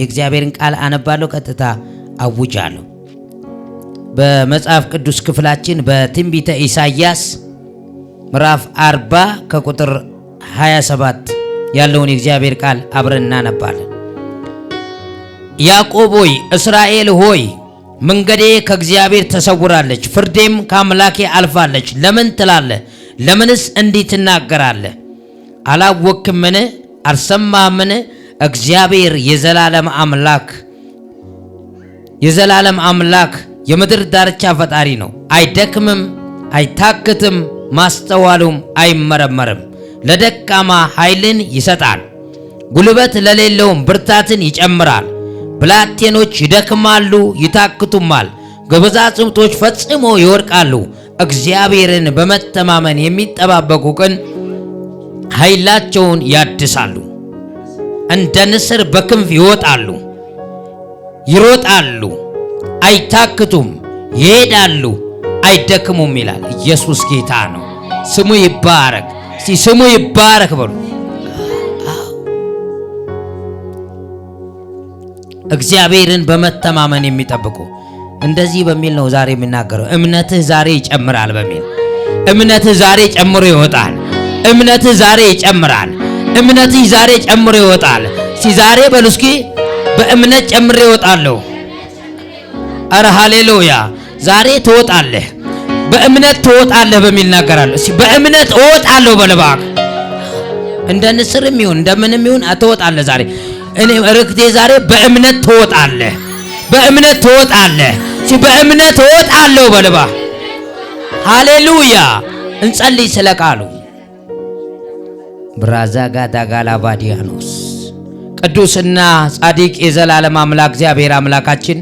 የእግዚአብሔርን ቃል አነባለሁ። ቀጥታ አውጃለሁ። በመጽሐፍ ቅዱስ ክፍላችን በትንቢተ ኢሳይያስ ምዕራፍ 40 ከቁጥር 27 ያለውን የእግዚአብሔር ቃል አብረን እናነባለን። ያዕቆብ ሆይ እስራኤል ሆይ መንገዴ ከእግዚአብሔር ተሰውራለች፣ ፍርዴም ከአምላኬ አልፋለች ለምን ትላለህ? ለምንስ እንዲህ ትናገራለህ? አላወክምን? አልሰማምን? እግዚአብሔር የዘላለም አምላክ የዘላለም አምላክ የምድር ዳርቻ ፈጣሪ ነው። አይደክምም፣ አይታክትም፣ ማስተዋሉም አይመረመርም። ለደካማ ኃይልን ይሰጣል፣ ጉልበት ለሌለውም ብርታትን ይጨምራል። ብላቴኖች ይደክማሉ፣ ይታክቱማል፣ ጎበዛዝት ጥምጦች ፈጽሞ ይወድቃሉ። እግዚአብሔርን በመተማመን የሚጠባበቁ ግን ኃይላቸውን ያድሳሉ። እንደ ንስር በክንፍ ይወጣሉ፣ ይሮጣሉ፣ አይታክቱም፣ ይሄዳሉ፣ አይደክሙም ይላል። ኢየሱስ ጌታ ነው። ስሙ ይባረክ። እስቲ ስሙ ይባረክ በሉ። እግዚአብሔርን በመተማመን የሚጠብቁ እንደዚህ በሚል ነው ዛሬ የሚናገረው። እምነትህ ዛሬ ይጨምራል በሚል እምነትህ ዛሬ ጨምሮ ይወጣል። እምነትህ ዛሬ ይጨምራል። እምነትሽ ዛሬ ጨምሮ ይወጣል። ዛሬ በሉ እስኪ በእምነት ጨምሮ እወጣለሁ። አረ ሃሌሉያ! ዛሬ ትወጣለህ፣ በእምነት ትወጣለህ በሚል እናገራለሁ። እስኪ በእምነት እወጣለሁ በለባክ እንደ ንስርም ይሁን እንደምንም ይሁን ትወጣለህ ዛሬ። እኔ ርክቴ ዛሬ በእምነት ትወጣለህ፣ በእምነት ትወጣለህ፣ እስኪ በእምነት እወጣለሁ በለባ ሃሌሉያ! እንጸልይ ስለ ቃሉ ባዲያኖስ ቅዱስና ጻድቅ የዘላለም አምላክ እግዚአብሔር አምላካችን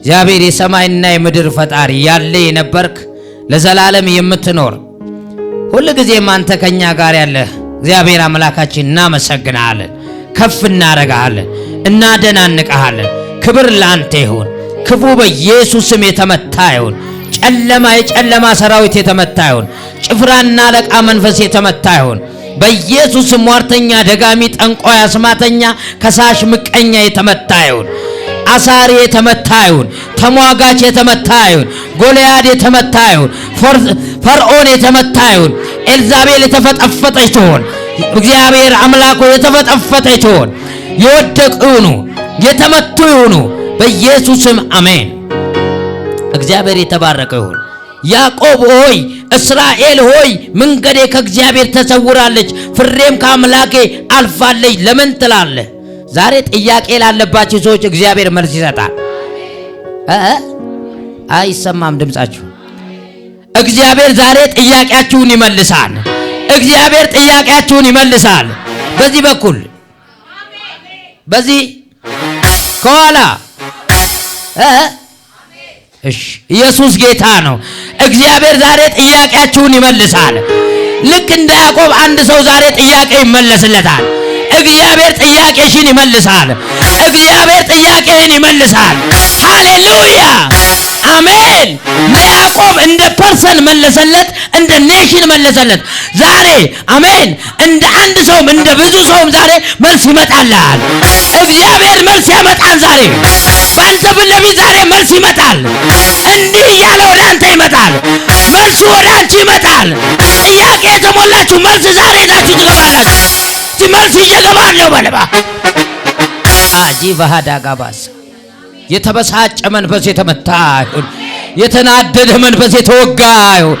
እግዚአብሔር የሰማይና የምድር ፈጣሪ ያለ የነበርክ ለዘላለም የምትኖር ሁል ጊዜም አንተ ከኛ ጋር ያለ እግዚአብሔር አምላካችን እናመሰግናለን፣ ከፍ እናረጋለን፣ እናደናንቀሃለን። ክብር ላንተ ይሁን። ክፉ ስም የተመታ ይሁን። ጨለማ የጨለማ ሰራዊት የተመታ ይሁን። ጭፍራና አለቃ መንፈስ የተመታ ይሁን። በኢየሱስ ሟርተኛ፣ ደጋሚ፣ ጠንቋይ፣ አስማተኛ፣ ከሳሽ፣ ምቀኛ የተመታ ይሁን። አሳሪ የተመታ ይሁን። ተሟጋች የተመታ ይሁን። ጎልያድ የተመታ ይሁን። ፈርዖን የተመታ ይሁን። ኤልዛቤል የተፈጠፈጠች ትሆን። እግዚአብሔር አምላኮ የተፈጠፈጠች ትሆን። የወደቁ ይሁኑ፣ የተመቱ ይሁኑ። በኢየሱስም አሜን። እግዚአብሔር የተባረቀ ይሁን። ያዕቆብ ሆይ እስራኤል ሆይ መንገዴ ከእግዚአብሔር ተሰውራለች፣ ፍሬም ከአምላኬ አልፋለች ለምን ትላለህ? ዛሬ ጥያቄ ላለባቸው ሰዎች እግዚአብሔር መልስ ይሰጣል። አይሰማም ድምፃችሁ እግዚአብሔር ዛሬ ጥያቄያችሁን ይመልሳል። እግዚአብሔር ጥያቄያችሁን ይመልሳል። በዚህ በኩል በዚህ ከኋላ እሺ፣ ኢየሱስ ጌታ ነው። እግዚአብሔር ዛሬ ጥያቄያችሁን ይመልሳል። ልክ እንደ ያዕቆብ አንድ ሰው ዛሬ ጥያቄ ይመለስለታል። እግዚአብሔር ጥያቄሽን ይመልሳል። እግዚአብሔር ጥያቄህን ይመልሳል። ሃሌሉያ አሜን። ለያዕቆብ እንደ ፐርሰን መለሰለት፣ እንደ ኔሽን መለሰለት። ዛሬ አሜን፣ እንደ አንድ ሰውም እንደ ብዙ ሰውም ዛሬ መልስ ይመጣልሃል። እግዚአብሔር መልስ ያመጣል። ዛሬ በአንተ ፊት ለፊት ዛሬ መልስ ይመጣል። ሄዳችሁ መልስ ዛሬ ሄዳችሁ ትገባላችሁ። መልስ ነው። በለባ አጂ ባህዳ ጋባስ የተበሳጨ መንፈስ የተመታ ይሁን። የተናደደ መንፈስ የተወጋ ይሁን።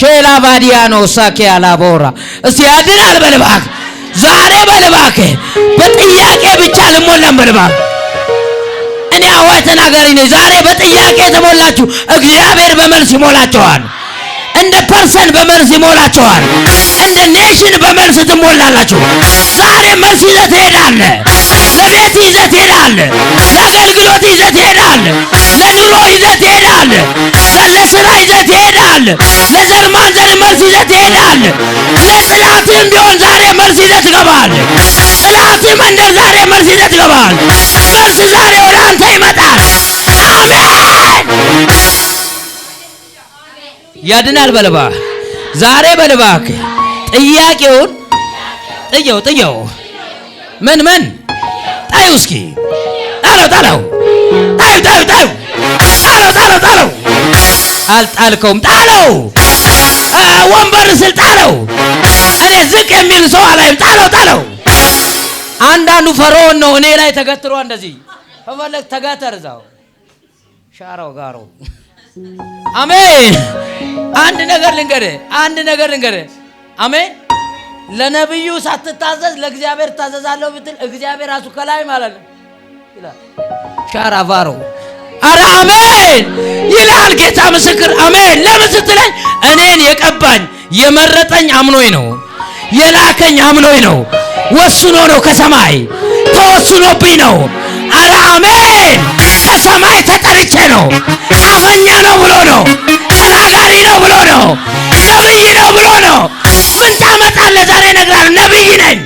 ሼላ ባዲያ ነው ሳኬ አላቦራ እስቲ ያድናል በልባክ ዛሬ በልባክ በጥያቄ ብቻ አልሞላም በልባክ እኔ አዋይ ተናጋሪ ነኝ። ዛሬ በጥያቄ የተሞላችሁ እግዚአብሔር በመልስ ይሞላችኋል። እንደ ፐርሰን በመልስ ይሞላችኋል። እንደ ኔሽን በመልስ ትሞላላችሁ። ዛሬ መልስ ይዘህ ትሄዳለህ። ለቤት ይዘህ ትሄዳለህ። ለአገልግሎት ይዘህ ትሄዳለህ። ለኑሮ ይዘህ ትሄዳለህ። ለስራ ይዘህ ትሄዳለህ። ለዘር ማንዘር መርዝ ይዘህ ትሄዳለህ። ለጥላትም ቢሆን ዛሬ መልስ ይዘህ ትገባለህ። ጥላትም መንደር ዛሬ መልስ ይዘህ ትገባለህ። መልስ ዛሬ ወደ አንተ ይመጣል። አሜን። ያድናል በልባ ዛሬ በልባክ ጥያቄውን ጥየው ጥየው ምን ምን ጣዩ እስኪ ጣለው ጣለው ጣዩ ጣዩ ጣዩ ጣለው ጣለው አልጣልከውም ጣለው ወንበር ስል ጣለው እኔ ዝቅ የሚል ሰው አላይም ጣለው ጣለው አንዳንዱ ፈርዖን ነው እኔ ላይ ተገትሮ እንደዚህ ከፈለግ ተጋተር እዛው ሻራው ጋሮ አሜን አንድ ነገር ልንገር፣ አንድ ነገር ልንገር። አሜን። ለነብዩ ሳትታዘዝ ለእግዚአብሔር ታዘዛለሁ ብትል እግዚአብሔር ራሱ ከላይ ማለት ነው ሻራቫሮ አረ አሜን ይላል ጌታ ምስክር። አሜን። ለምን ስትለኝ እኔን የቀባኝ የመረጠኝ አምኖኝ ነው የላከኝ አምኖኝ ነው ወስኖ ነው ከሰማይ ተወስኖብኝ ነው። አረ አሜን ከሰማይ ተጠርቼ ነው አበኛ ነው ብሎ ነው ነብይ ነው ብሎ ነው። ነብይ ነው ብሎ ነው። ምን ታመጣለህ? ዛሬ ነግራል። ነብይ ነኝ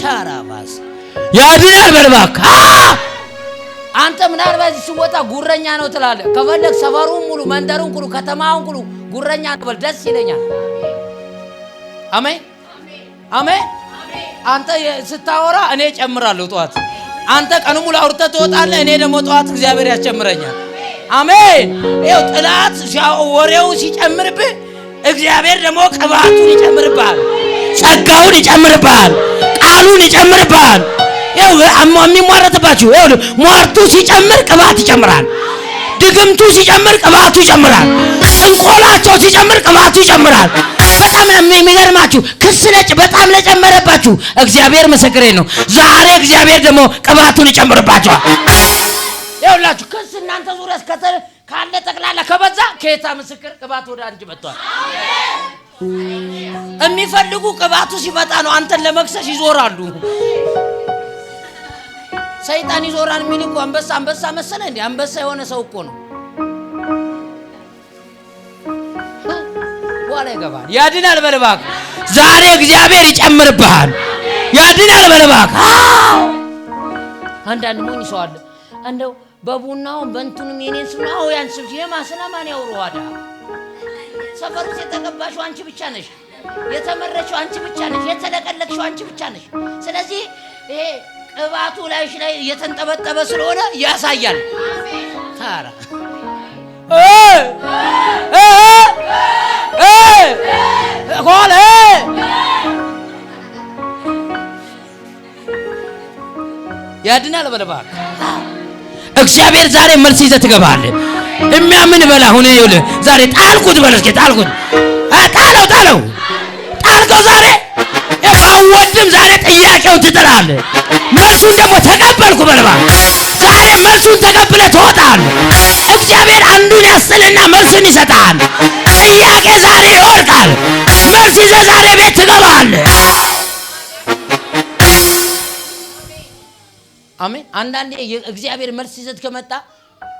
ታራባስ ያድናል በልባክ አንተ ምናልባት እሱ ቦታ ጉረኛ ነው ትላለህ። ከፈለግ ሰፈሩን ሙሉ መንደሩን ሙሉ ከተማውን ሙሉ ጉረኛ ነው በል፣ ደስ ይለኛል። አሜን አሜን። አንተ ስታወራ እኔ ጨምራለሁ ጠዋት። አንተ ቀኑ ሙሉ አውርተህ ትወጣለህ፣ እኔ ደግሞ ጠዋት እግዚአብሔር ያስጨምረኛል። አሜን። ይኸው ጥላት ወሬው ሲጨምርብህ እግዚአብሔር ደግሞ ቅባቱን ይጨምርብሃል፣ ጸጋውን ይጨምርብሃል፣ ቃሉን ይጨምርብሃል። ይኸው የሚሟረትባችሁ ይኸው ሟርቱ ሲጨምር ቅባት ይጨምራል። ድግምቱ ሲጨምር ቅባቱ ይጨምራል። እንቆላቸው ሲጨምር ቅባቱ ይጨምራል። በጣም የሚገርማችሁ ክስ ነጭ በጣም ለጨመረባችሁ እግዚአብሔር ምስክሬ ነው። ዛሬ እግዚአብሔር ደግሞ ቅባቱን ይጨምርባችኋል። ይኸውላችሁ ክስ እናንተ ዙሪያ እስከ ካለ ጠቅላላ ከበዛ ከየታ ምስክር ቅባት ወደ አንቺ መጥቷል። የሚፈልጉ ቅባቱ ሲመጣ ነው አንተን ለመክሰስ ይዞራሉ። ሰይጣን ይዞራል የሚል እኮ አንበሳ አንበሳ መሰለ እንዴ? አንበሳ የሆነ ሰው እኮ ነው። በኋላ ይገባል። ያድናል በል ዛሬ እግዚአብሔር ይጨምርብሃል። ያድናል በል አንዳንድ ሞኝ ሰው አለ እንደው በቡናው በንቱን የኔን ስብሎ አሁ ያን ስብ የማስለማን ያውረዋዳ ሰፈር ውስጥ የተቀባሽው አንቺ ብቻ ነሽ። የተመረሽው አንቺ ብቻ ነሽ። የተለቀለቅሽው አንቺ ብቻ ነሽ። ስለዚህ ይሄ ቅባቱ ላይሽ ላይ የተንጠበጠበ ስለሆነ ያሳያል። ታራ ያድናል በለባል እግዚአብሔር ዛሬ መልስ ይዘህ ትገባለህ። የሚያምን በላ ሁኔ ይኸውልህ ዛሬ ጣልኩት፣ በለስኬ ጣልኩት፣ ጣለው፣ ጣለው፣ ጣልከው። ዛሬ አወድም ዛሬ ጥያቄውን ትጥላለህ። መልሱን ደግሞ ተቀበልኩ በልባ ዛሬ መልሱን ተቀብለ ትወጣለህ። እግዚአብሔር አንዱን ያስጥልና መልሱን ይሰጣል። ጥያቄ ዛሬ ይወርቃል። መልስ ይዘህ ዛሬ ቤት ትገባለህ። አሜን። አንዳንዴ እግዚአብሔር መልስ ይዘት ከመጣ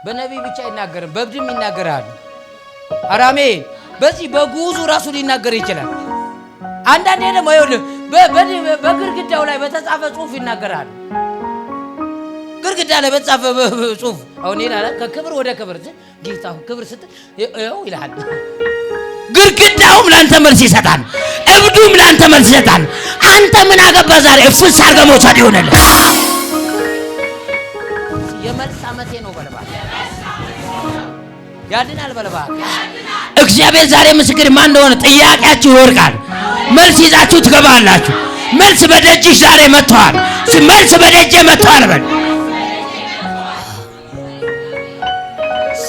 በነቢይ ብቻ አይናገርም፣ በብድም ይናገራል። አራሜ በዚህ በጉዙ ራሱ ሊናገር ይችላል። አንዳንዴ ደግሞ ይኸውልህ በግርግዳው ላይ በተጻፈ ጽሁፍ ይናገራል። ግርግዳ ላይ በተጻፈ ጽሁፍ አሁን ይላል ከክብር ወደ ክብር ጌታ ክብር ስትል ይኸው ይልሃል። ግርግዳውም ለአንተ መልስ ይሰጣል። እብዱም ለአንተ መልስ ይሰጣል። አንተ ምን አገባ ዛሬ? እፍስ አድርገህ መውሰድ ይሆንልህ። የመልስ ዓመቴ ነው በልባል። ያድናል በልባል። እግዚአብሔር ዛሬ ምስክር ማን እንደሆነ ጥያቄያችሁ ይወርቃል። መልስ ይዛችሁ ትገባላችሁ። መልስ በደጅሽ ዛሬ መጥቷል። መልስ በደጄ መጥቷል በል።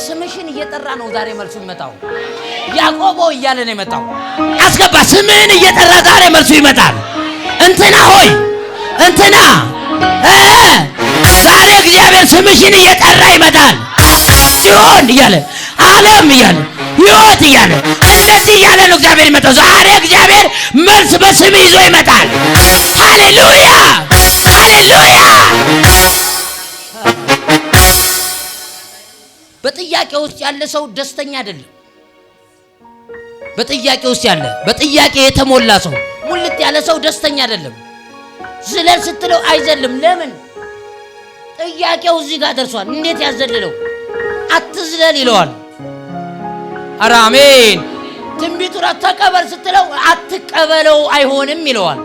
ስምሽን እየጠራ ነው ዛሬ መልሱ ይመጣው። ያዕቆቦ እያለ ነው የመጣው። አስገባ። ስምህን እየጠራ ዛሬ መልሱ ይመጣል። እንትና ሆይ እንትና ዛሬ እግዚአብሔር ስምሽን እየጠራ ይመጣል። ሲሆን እያለ ዓለም እያለ ሕይወት እያለ እንደዚህ እያለ ነው እግዚአብሔር ይመጣው። ዛሬ እግዚአብሔር መልስ በስም ይዞ ይመጣል። ሃሌሉያ ሃሌሉያ። በጥያቄ ውስጥ ያለ ሰው ደስተኛ አይደለም። በጥያቄ ውስጥ ያለ በጥያቄ የተሞላ ሰው ሙልት ያለ ሰው ደስተኛ አይደለም። ዝለል ስትለው አይዘልም። ለምን? ጥያቄው እዚህ ጋር ደርሷል። እንዴት ያዘልለው? አትዝለል ይለዋል። ኧረ አሜን። ትንቢቱን ስትለው አትቀበለው አይሆንም ይለዋል።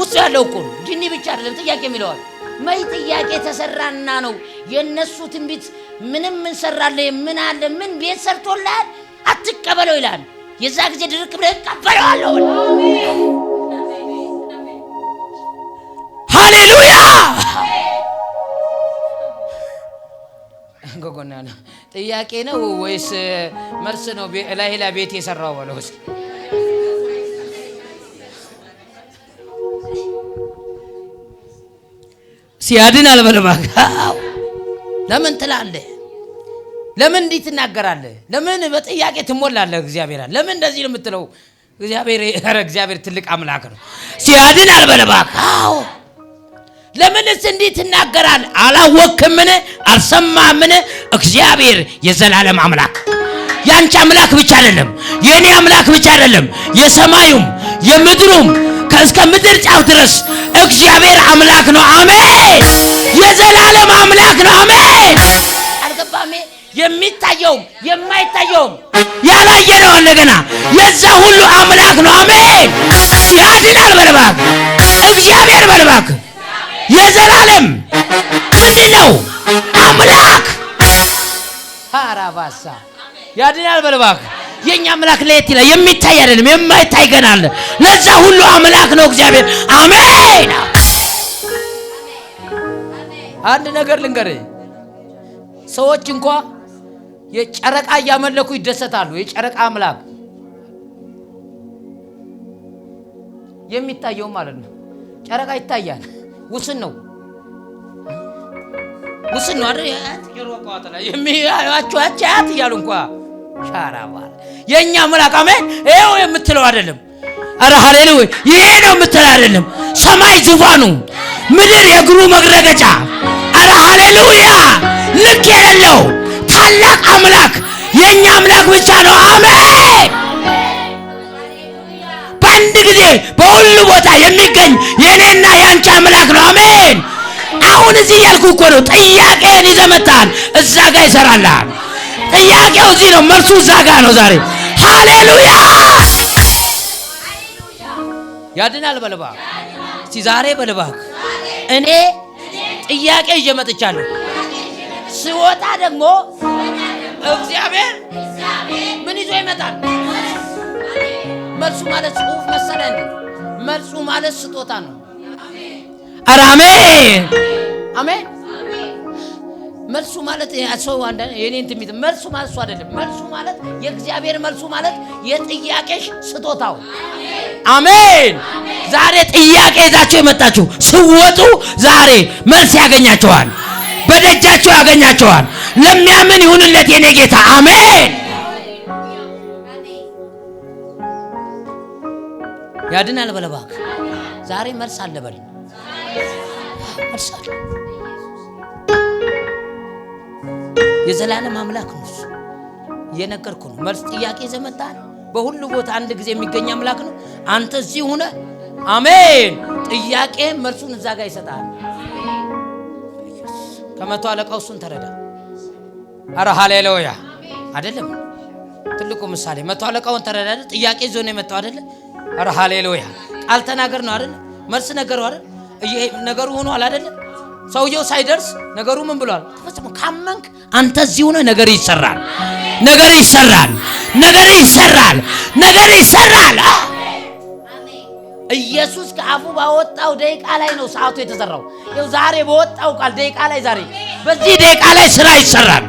ውስጥ ያለው እኮ ጅኒ ብቻ አይደለም ጥያቄም ይለዋል። መይ ጥያቄ ተሰራና ነው የእነሱ ትንቢት ምንም ምን ሰራለ ምን አለ ምን ቤት ሰርቶላል አትቀበለው ይላል። የዛ ጊዜ ድርቅ ብለ እቀበለዋለሁ። ሃሌሉ ከጎና ነው። ጥያቄ ነው ወይስ መልስ ነው? ላይላ ቤት የሰራው በለውስ ሲያድን አልበለማ ለምን ትላለህ? ለምን እንዲህ ትናገራለህ? ለምን በጥያቄ ትሞላለህ? እግዚአብሔር ለምን እንደዚህ ነው የምትለው? እግዚአብሔር እግዚአብሔር ትልቅ አምላክ ነው። ሲያድን አልበለማ ለምንስ እንዲህ ትናገራል? አላወክምን አልሰማምን? እግዚአብሔር የዘላለም አምላክ ያንቺ አምላክ ብቻ አይደለም፣ የእኔ አምላክ ብቻ አይደለም፣ የሰማዩም የምድሩም ከእስከ ምድር ጫፍ ድረስ እግዚአብሔር አምላክ ነው። አሜን። የዘላለም አምላክ ነው። አሜን። አልገባም። የሚታየውም የማይታየውም ያላየነው እንደገና ገና የዛ ሁሉ አምላክ ነው። አሜን። ያድናል በልባክ እግዚአብሔር በልባክ የዘላለም አንድ ነው አምላክ አራባሳ ያድናል በልባክ የኛ አምላክ ለየት ይላል። የሚታይ አይደለም፣ የማይታይ ገና አለ። ለዛ ሁሉ አምላክ ነው እግዚአብሔር። አሜን። አንድ ነገር ልንገር፣ ሰዎች እንኳ የጨረቃ እያመለኩ ይደሰታሉ። የጨረቃ አምላክ የሚታየው ማለት ነው። ጨረቃ ይታያል። ውስን ነው ውስን ነው አይደል? የሚያዩአቸዋች አያት እያሉ እንኳ ሻራ ባለ የእኛ አምላክ አሜን። ይኸው የምትለው አይደለም። ኧረ ሀሌሉያ! ይሄ ነው የምትለው አይደለም። ሰማይ ዙፋኑ፣ ምድር የእግሩ መግረገጫ። አረ ሀሌሉያ! ልክ የሌለው ታላቅ አምላክ የእኛ አምላክ ብቻ ነው። አሜን አንድ ጊዜ በሁሉ ቦታ የሚገኝ የእኔና የአንቺ አምላክ ነው። አሜን። አሁን እዚህ እያልኩ እኮ ነው። ጥያቄን ይዘመታል እዛ ጋር ይሰራልሃል። ጥያቄው እዚህ ነው፣ መልሱ እዛ ጋር ነው። ዛሬ ሃሌሉያ ያድናል። በልባ እስቲ ዛሬ በልባ እኔ ጥያቄ ይዤ መጥቻለሁ። ስወጣ ደግሞ እግዚአብሔር ምን ይዞ ይመጣል? መልሱ ማለት ጽሁፍ መሰለ መልሱ ማለት ስጦታ ነው። ኧረ አሜን አሜን። መልሱ ማለት ሰው አንደ የኔ እንትን መልሱ ማለት እሱ አይደለም። መልሱ ማለት የእግዚአብሔር መልሱ ማለት የጥያቄሽ ስጦታው። አሜን። ዛሬ ጥያቄ ይዛችሁ የመጣችሁ ስወጡ ዛሬ መልስ ያገኛቸዋል፣ በደጃቸው ያገኛቸዋል። ለሚያምን ይሁንለት የኔ ጌታ አሜን። ያድናል በለው እባክህ። ዛሬ መልስ አለ የዘላለም አምላክ ነው እሱ። እየነገርኩ ነው። መልስ ጥያቄ ዘመጣል። በሁሉ ቦታ አንድ ጊዜ የሚገኝ አምላክ ነው። አንተ እዚህ ሆነ አሜን። ጥያቄ መልሱን እዛ ጋር ይሰጣል። ከመቶ አለቃው እሱን ተረዳ። አረ ሃሌሉያ! አይደለም ትልቁ ምሳሌ መቶ አለቃውን ተረዳ። ጥያቄ ዞን የመጣው አይደለም አረ ሃሌሉያ ቃል ተናገር ነው አይደል? መልስ ነገር አይደል? ነገሩ ሆኗል አይደል? ሰውየው ሳይደርስ ነገሩ ምን ብሏል? ተፈጽሞ ካመንክ አንተ እዚህ ሆነ ነገር ይሰራል፣ ነገር ይሰራል፣ ነገር ይሰራል፣ ነገር ይሰራል። ኢየሱስ ከአፉ ባወጣው ደቂቃ ላይ ነው ሰዓቱ የተሰራው። ይኸው ዛሬ በወጣው ቃል ደቂቃ ላይ ዛሬ በዚህ ደቂቃ ላይ ስራ ይሰራል፣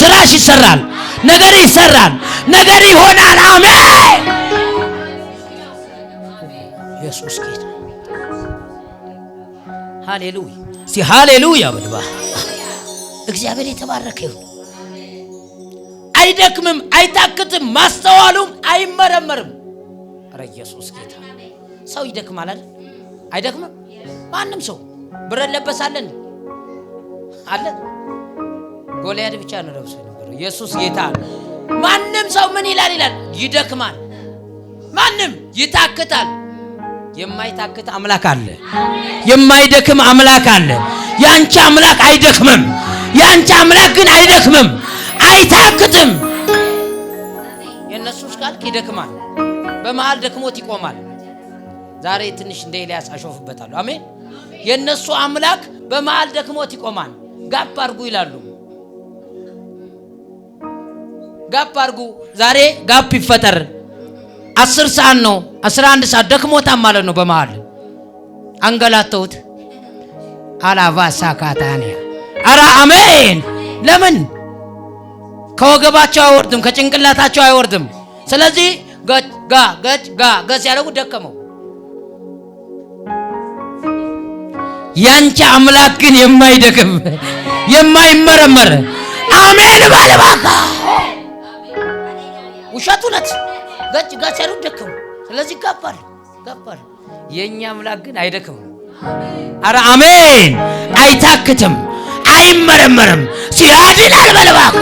ስራሽ ይሰራል፣ ነገር ይሰራል፣ ነገር ይሆናል። አሜን ኢየሱስ ጌታ ሃሌሉያ። ሲ ሃሌሉያ በልባ እግዚአብሔር የተባረከ ይሁን። አይደክምም፣ አይታክትም፣ ማስተዋሉም አይመረመርም። ኧረ ኢየሱስ ጌታ ሰው ይደክማል አይደል? አይደክምም። ማንም ሰው ብረት ለበሳለን አለ ጎልያድ ብቻ ነው ለብሶ የነበረው። ኢየሱስ ጌታ ማንም ሰው ምን ይላል ይላል፣ ይደክማል። ማንም ይታክታል የማይታክት አምላክ አለ። የማይደክም አምላክ አለ። ያንቺ አምላክ አይደክምም። ያንቺ አምላክ ግን አይደክምም፣ አይታክትም። የእነሱ ቃል ይደክማል፣ በመሃል ደክሞት ይቆማል። ዛሬ ትንሽ እንደ ኤልያስ አሾፍበታለሁ። አሜን። የእነሱ አምላክ በመሃል ደክሞት ይቆማል። ጋፕ አርጉ ይላሉ። ጋፕ አርጉ ዛሬ ጋፕ ይፈጠር። አስር ሰዓት ነው አስራ አንድ ሰዓት ደክሞታ ማለት ነው። በመሃል አንገላተውት አላቫ ሳካታኒ አራ አሜን። ለምን ከወገባቸው አይወርድም፣ ከጭንቅላታቸው አይወርድም። ስለዚህ ገጭ ጋ ገጭ ጋ ገጽ ያለው ደከመው። ያንቺ አምላክ ግን የማይደክም የማይመረመር አሜን ባለባካ ውሸቱ ነት ጋጭ ጋር ያሉ ደከሙ። ስለዚህ ጋባል ጋባል። የእኛ አምላክ ግን አይደክምም። አረ አሜን። አይታክትም፣ አይመረመርም። ሲያድን አልበለባክ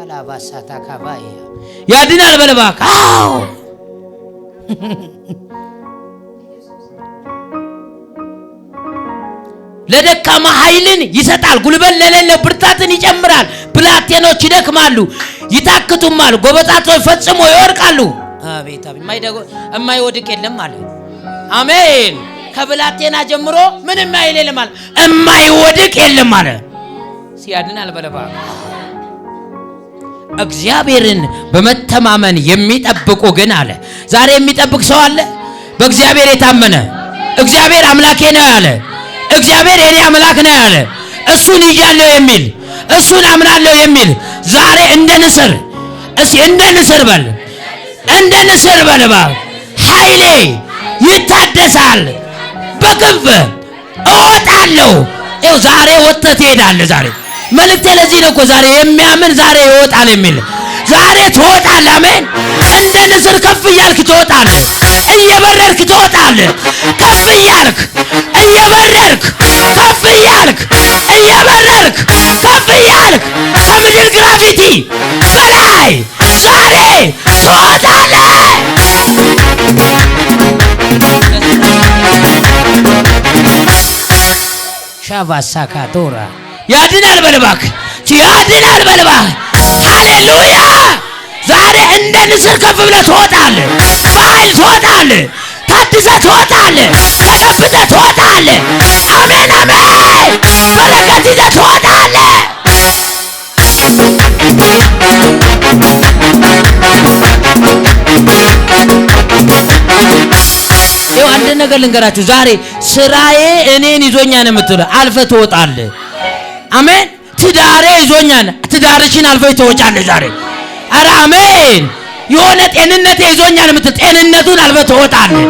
አላባሳታ ካባይ ያድን አልበለባክ። አዎ ለደካማ ኃይልን ይሰጣል። ጉልበት ለሌለው ብርታትን ይጨምራል። ብላቴኖች ይደክማሉ፣ ይታክቱማል፣ ጎበጣቶች ፈጽሞ ይወድቃሉ። አቤት የማይወድቅ የለም አለ። አሜን። ከብላቴና ጀምሮ ምንም አይል የለም አለ። የማይወድቅ የለም አለ። ሲያድን አልበለባ እግዚአብሔርን በመተማመን የሚጠብቁ ግን አለ። ዛሬ የሚጠብቅ ሰው አለ። በእግዚአብሔር የታመነ እግዚአብሔር አምላኬ ነው ያለ፣ እግዚአብሔር የኔ አምላክ ነው ያለ፣ እሱን ይዣለሁ የሚል እሱን አምናለሁ የሚል ዛሬ እንደ ንስር እስ እንደ ንስር በል እንደ ንስር በል ኃይሌ ይታደሳል። በክንፍ እወጣለሁ። ይኸው ዛሬ ወጥተህ ትሄዳለህ። ዛሬ መልእክቴ ለዚህ ነው እኮ ዛሬ የሚያምን ዛሬ ይወጣል የሚል ዛሬ ትወጣለህ። አሜን። እንደ ንስር ከፍ እያልክ ትወጣለህ። እየበረርክ ትወጣለህ። ከፍ እያልክ እየበረርክ ከፍ እያልክ እየበረርክ ከፍ እያልክ ከምድር ግራቪቲ በላይ ዛሬ ሻቫሳካቶራ ያድናል በልባክ ያድናል በልባክ። ሃሌሉያ! ዛሬ እንደ ንስር ከፍ ብለህ ትወጣለህ፣ በኃይል ትወጣለህ። ተቀድሰህ ትወጣለህ። ተቀብተህ ትወጣለህ። አሜን አሜን። በረከት ይዘህ ትወጣለህ። ይኸው አንድ ነገር ልንገራችሁ ዛሬ ስራዬ እኔን ይዞኛ ነው የምትለው አልፈህ ትወጣለህ። አሜን። ትዳሬ ይዞኛ ትዳርሽን አልፈሽ ትወጫለህ ዛሬ። ኧረ አሜን። የሆነ ጤንነቴ ይዞኛል ጤንነቱን ትወጣለህ።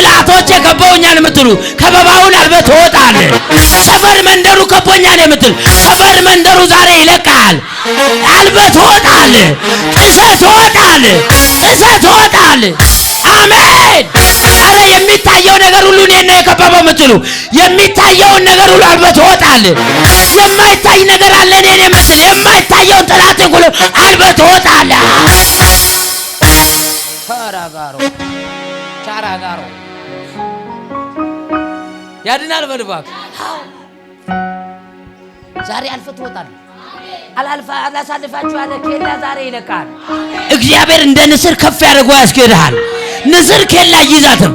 ጠላቶቼ ከበውኛል የምትሉ ከበባውን አልበ ትወጣለህ። ሰፈር መንደሩ ከቦኛል የምትል ሰፈር መንደሩ ዛሬ ይለቃል። አልበ ትወጣለህ። ጥሰህ ትወጣለህ። ጥሰህ ትወጣለህ። አሜን። ኧረ የሚታየው ነገር ሁሉ እኔን ነው የከበበው የምትሉ የሚታየውን ነገር ሁሉ አልበ ትወጣለህ። የማይታይ ነገር አለ እኔን የምትል የማይታየውን ጠላት ሁሉ አልበ ትወጣለህ። ቻራጋሮ ቻራጋሮ ያድናል። በልባክ ዛሬ አልፈ ትወጣል። አላሳልፋችሁ አለ ኬላ ዛሬ ይለቃል። እግዚአብሔር እንደ ንስር ከፍ ያደርገው ያስገድሃል። ንስር ኬላ ይይዛትም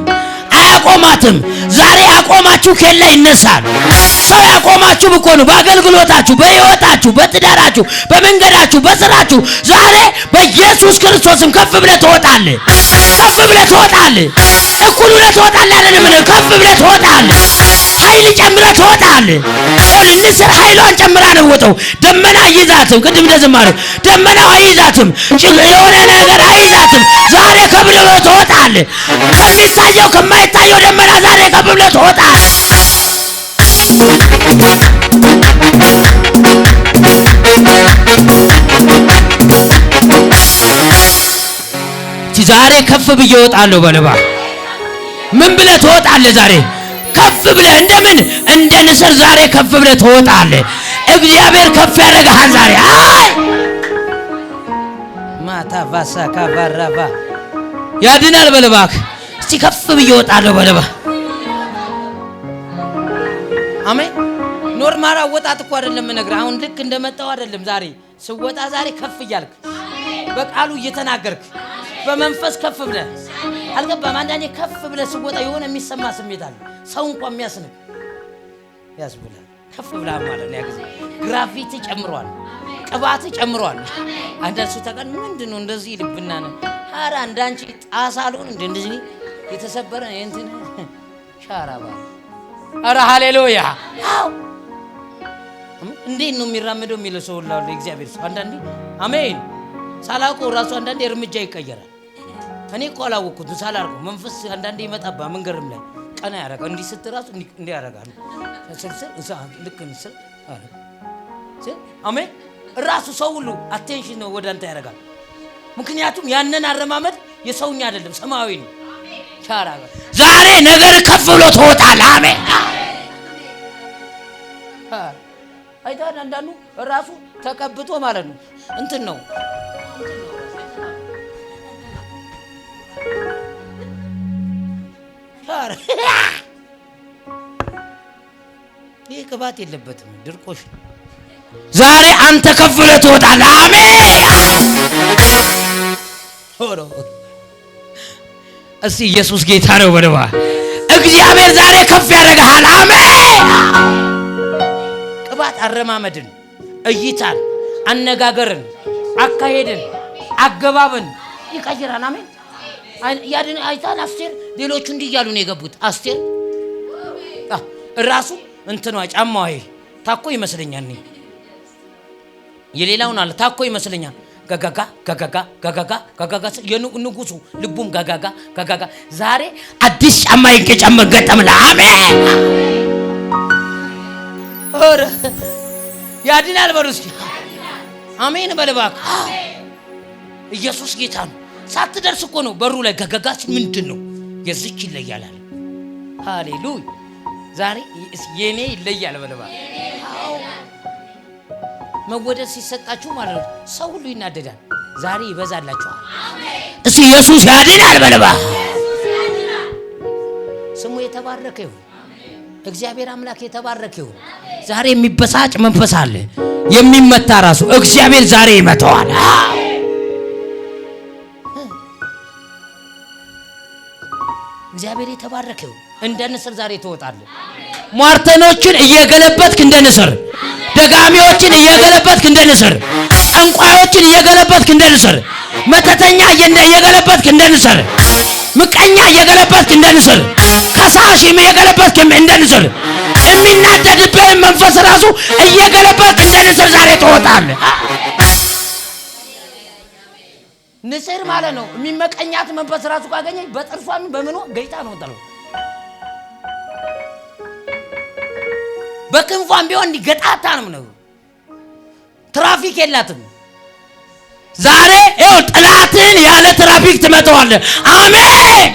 አያቆማትም። ዛሬ ያቆማችሁ ኬላ ይነሳል። ሰው ያቆማችሁ እኮ ነው። በአገልግሎታችሁ፣ በሕይወታችሁ፣ በትዳራችሁ፣ በመንገዳችሁ፣ በስራችሁ ዛሬ በኢየሱስ ክርስቶስም ከፍ ብለህ ትወጣለህ። ከፍ ብለህ ትወጣለህ። እኩል ብለህ ትወጣለህ አይደለም ይወጣል። አሁን ንስር ኃይሏን ጨምራ ነው ወጣው። ደመና አይዛትም፣ ቅድም ደዝማሩ ደመና አይዛትም፣ የሆነ ነገር አይዛትም። ዛሬ ከብሎ ትወጣል። ከሚታየው ከማይታየው ደመና ዛሬ ከብሎ ትወጣል። ዛሬ ከፍ ብዬ እወጣለሁ። በለባ ምን ብለህ ትወጣለህ ዛሬ? ከፍ ብለህ እንደምን እንደ ንስር ዛሬ ከፍ ብለህ ትወጣለህ። እግዚአብሔር ከፍ ያደርግሃል ዛሬ። አይ ማታ ቫሳ ካቫራባ ያድናል በለባክ እስቲ ከፍ ብዬ እወጣለሁ በልባ አሜን። ኖርማል አወጣት እኮ አይደለም እነግርህ። አሁን ልክ እንደመጣው አይደለም ዛሬ ስወጣ ዛሬ ከፍ እያልክ በቃሉ እየተናገርክ በመንፈስ ከፍ ብለህ አልገባም። አንዳንዴ ከፍ ብለህ ስወጣ የሆነ የሚሰማ ስሜት አለ። ሰው እንኳ የሚያስነው ያስብላል። ከፍ ብለህ ማለት ነው። ያ ጊዜ ግራፊቲ ጨምሯል፣ ቅባት ጨምሯል። አንዳንድ ሰው ታውቃለህ፣ ምንድን ነው እንደዚህ ልብና ነው ኧረ እንዳንቺ ጣሳ አልሆን እንደ እንደዚህ የተሰበረ እንትን ሻራባ ኧረ ሃሌሉያ እንዴት ነው የሚራመደው የሚለው ሰው ሁላ እግዚአብሔር ሰው አንዳንዴ አሜን ሳላውቀው ራሱ አንዳንዴ እርምጃ ይቀየራል። እኔ እኮ አላወቅኩትም ሳላርገው መንፈስ አንዳንዴ ይመጣባ መንገርም ላይ ቀና ያደርጋል። እንዲህ ስትራሱ እንዲህ ያደርጋል። ልክ ምስል አሜን። ራሱ ሰው ሁሉ አቴንሽን ነው ወደ አንተ ያደርጋል። ምክንያቱም ያንን አረማመድ የሰውኛ አይደለም ሰማያዊ ነው። ዛሬ ነገር ከፍ ብሎ ትወጣል። አሜን። አይተህ አንዳንዱ ራሱ ተቀብጦ ማለት ነው እንትን ነው ይህ ቅባት የለበትም፣ ድርቆሽ ነው። ዛሬ አንተ ከፍለ ትወጣለህ። አሜን። እስቲ ኢየሱስ ጌታ ነው በደዋ እግዚአብሔር ዛሬ ከፍ ያደርግሃል። አሜን። ቅባት አረማመድን፣ እይታን፣ አነጋገርን፣ አካሄድን፣ አገባብን ይቀይራል። አሜን። ያድን አይታን አስቴር ሌሎቹ እንዲህ እያሉ ነው የገቡት። አስቴር ራሱ እንትኗ ጫማዋ ታኮ ይመስለኛል። የሌላውን አለ ታኮ ይመስለኛል። ጋጋጋ ጋጋጋ ጋጋጋ ጋጋጋ የንጉሱ ልቡም ጋጋጋ ጋጋጋ። ዛሬ አዲስ ጫማ ይገጨምር ገጠምላ አሜን። ኧረ ያድናል በሉ እስኪ አሜን በልባክ። ኢየሱስ ጌታ ነው። ሳትደርስ እኮ ነው በሩ ላይ ገገጋች። ምንድን ነው የዚች ይለያል አለ። ሃሌሉያ ዛሬ የኔ ይለያል በለባ መወደድ ሲሰጣችሁ ማለት ነው። ሰው ሁሉ ይናደዳል። ዛሬ ይበዛላችኋል። እሱ ኢየሱስ ያድናል በለባ ስሙ የተባረከ ይሁን። እግዚአብሔር አምላክ የተባረከ ይሁን። ዛሬ የሚበሳጭ መንፈስ አለ የሚመታ ራሱ እግዚአብሔር ዛሬ ይመታዋል። እግዚአብሔር የተባረከው እንደ ንስር ዛሬ ትወጣለህ። ሟርተኖችን እየገለበትክ እንደ ንስር፣ ደጋሚዎችን እየገለበትክ እንደ ንስር፣ ጠንቋዮችን እየገለበትክ እንደ ንስር፣ መተተኛ እየገለበትክ እንደ ንስር፣ ምቀኛ እየገለበትክ እንደ ንስር፣ ከሳሽ እየገለበትክ እንደ ንስር፣ የሚናደድብህን መንፈስ ራሱ እየገለበትክ እንደ ንስር ዛሬ ትወጣለህ። ንጽህር ማለት ነው። የሚመቀኛት መንፈስ ራሱ ካገኘኝ በጥርሷም በምኖ ገይታ ነው ጠለው በክንፏም ቢሆን እንዲገጣታ ነው ነው። ትራፊክ የላትም ዛሬ። ይኸው ጥላትን ያለ ትራፊክ ትመተዋለህ። አሜን።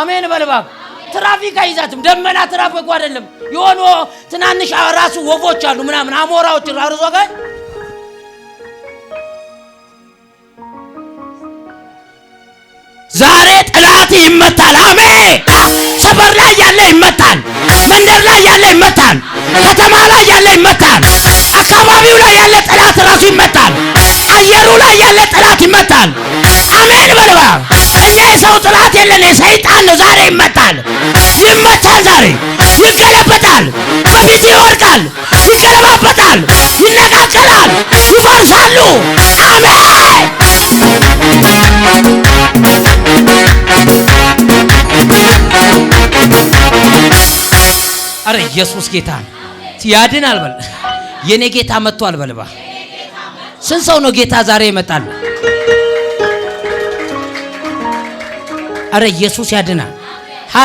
አሜን በልባብ ትራፊክ አይዛትም። ደመና ትራፊኩ አይደለም የሆኑ ትናንሽ ራሱ ወፎች አሉ ምናምን አሞራዎች ራርዞ ጋር ዛሬ ጥላት ይመታል። አሜ ሰፈር ላይ ያለ ይመታል። መንደር ላይ ያለ ይመታል። ከተማ ላይ ያለ ይመታል። አካባቢው ላይ ያለ ጥላት ራሱ ይመታል። አየሩ ላይ ያለ ጥላት ይመታል። አሜን በልባ። እኛ የሰው ጥላት የለን፣ ሰይጣን ነው። ዛሬ ይመታል፣ ይመታል፣ ዛሬ ይገለበጣል፣ በፊት ይወድቃል፣ ይገለባበጣል፣ ይነቃቀላል፣ ይፈርሳሉ። አሜን አረ ኢየሱስ ጌታ ያድን አልበል። የኔ ጌታ መጥቶ አልበልባ። ስንት ሰው ነው ጌታ ዛሬ ይመጣል? አረ ኢየሱስ ያድናል።